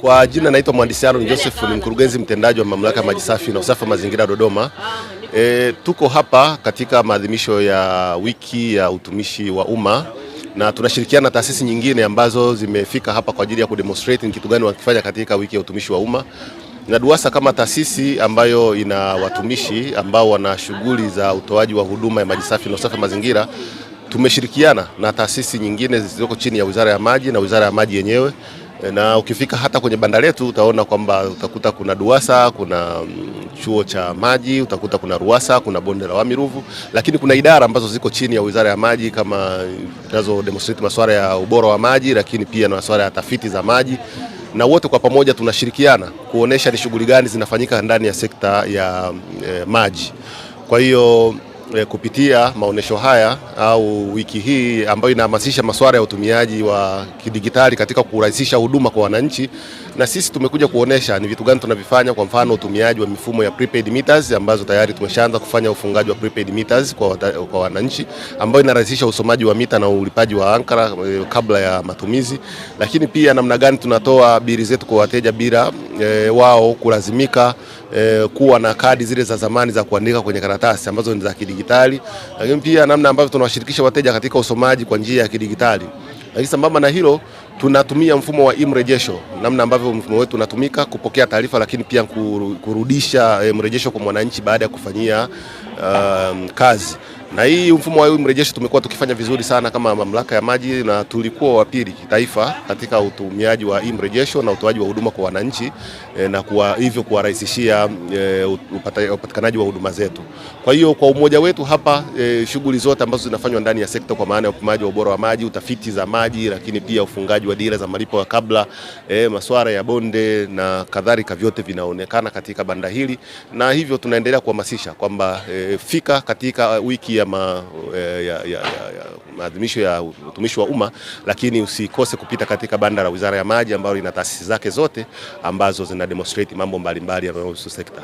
Kwa jina naitwa Mhandisi Aaron Joseph, ni mkurugenzi mtendaji wa mamlaka ya maji safi na usafi wa mazingira Dodoma. E, tuko hapa katika maadhimisho ya wiki ya utumishi wa umma na tunashirikiana na taasisi nyingine ambazo zimefika hapa kwa ajili ya kudemonstrate ni kitu gani wakifanya katika wiki ya utumishi wa umma na DUWASA kama taasisi ambayo ina watumishi ambao wana shughuli za utoaji wa huduma ya maji safi na usafi wa mazingira tumeshirikiana na taasisi nyingine zilizoko chini ya Wizara ya Maji na Wizara ya Maji yenyewe Eh, na ukifika hata kwenye banda letu utaona kwamba utakuta kuna duasa kuna mm, chuo cha maji, utakuta kuna ruasa kuna bonde la Wami Ruvu, lakini kuna idara ambazo ziko chini ya Wizara ya Maji kama tunazo demonstrate masuala ya ubora wa maji, lakini pia na masuala ya tafiti za maji na wote kwa pamoja tunashirikiana kuonesha ni shughuli gani zinafanyika ndani ya sekta ya mm, eh, maji. Kwa hiyo e, kupitia maonyesho haya au wiki hii ambayo inahamasisha masuala ya utumiaji wa kidigitali katika kurahisisha huduma kwa wananchi na sisi tumekuja kuonesha ni vitu gani tunavifanya, kwa mfano utumiaji wa mifumo ya prepaid meters ambazo tayari tumeshaanza kufanya ufungaji wa prepaid meters kwa, kwa wananchi ambayo inarahisisha usomaji wa mita na ulipaji wa ankara eh, kabla ya matumizi, lakini pia namna gani tunatoa bili zetu kwa wateja bila e, wao kulazimika e, kuwa na kadi zile za zamani za kuandika kwenye karatasi ambazo ni za kidigitali, lakini pia namna ambavyo tunawashirikisha wateja katika usomaji kwa njia ya kidigitali. Lakini sambamba na hilo, tunatumia mfumo wa imrejesho, namna ambavyo mfumo wetu unatumika kupokea taarifa, lakini pia kurudisha eh, mrejesho kwa mwananchi baada ya kufanyia um, kazi na hii mfumo wa mrejesho tumekuwa tukifanya vizuri sana kama mamlaka ya maji, na tulikuwa wa pili kitaifa katika utumiaji wa hii mrejesho na utoaji wa huduma kwa wananchi e, na kuwa, hivyo kuwarahisishia e, upatikanaji wa huduma zetu. Kwa hiyo kwa umoja wetu hapa e, shughuli zote ambazo zinafanywa ndani ya sekta kwa maana ya upimaji wa ubora wa maji, utafiti za maji, lakini pia ufungaji wa dira za malipo ya kabla, e, masuala ya bonde na kadhalika, vyote vinaonekana katika banda hili, na hivyo tunaendelea kuhamasisha kwamba e, fika katika uh, wiki ya ya, maadhimisho eh, ya, ya, ya, ya maadhimisho ya utumishi wa umma, lakini usikose kupita katika banda la Wizara ya Maji ambalo lina taasisi zake zote ambazo zina demonstrate mambo mbalimbali yanayohusu sekta.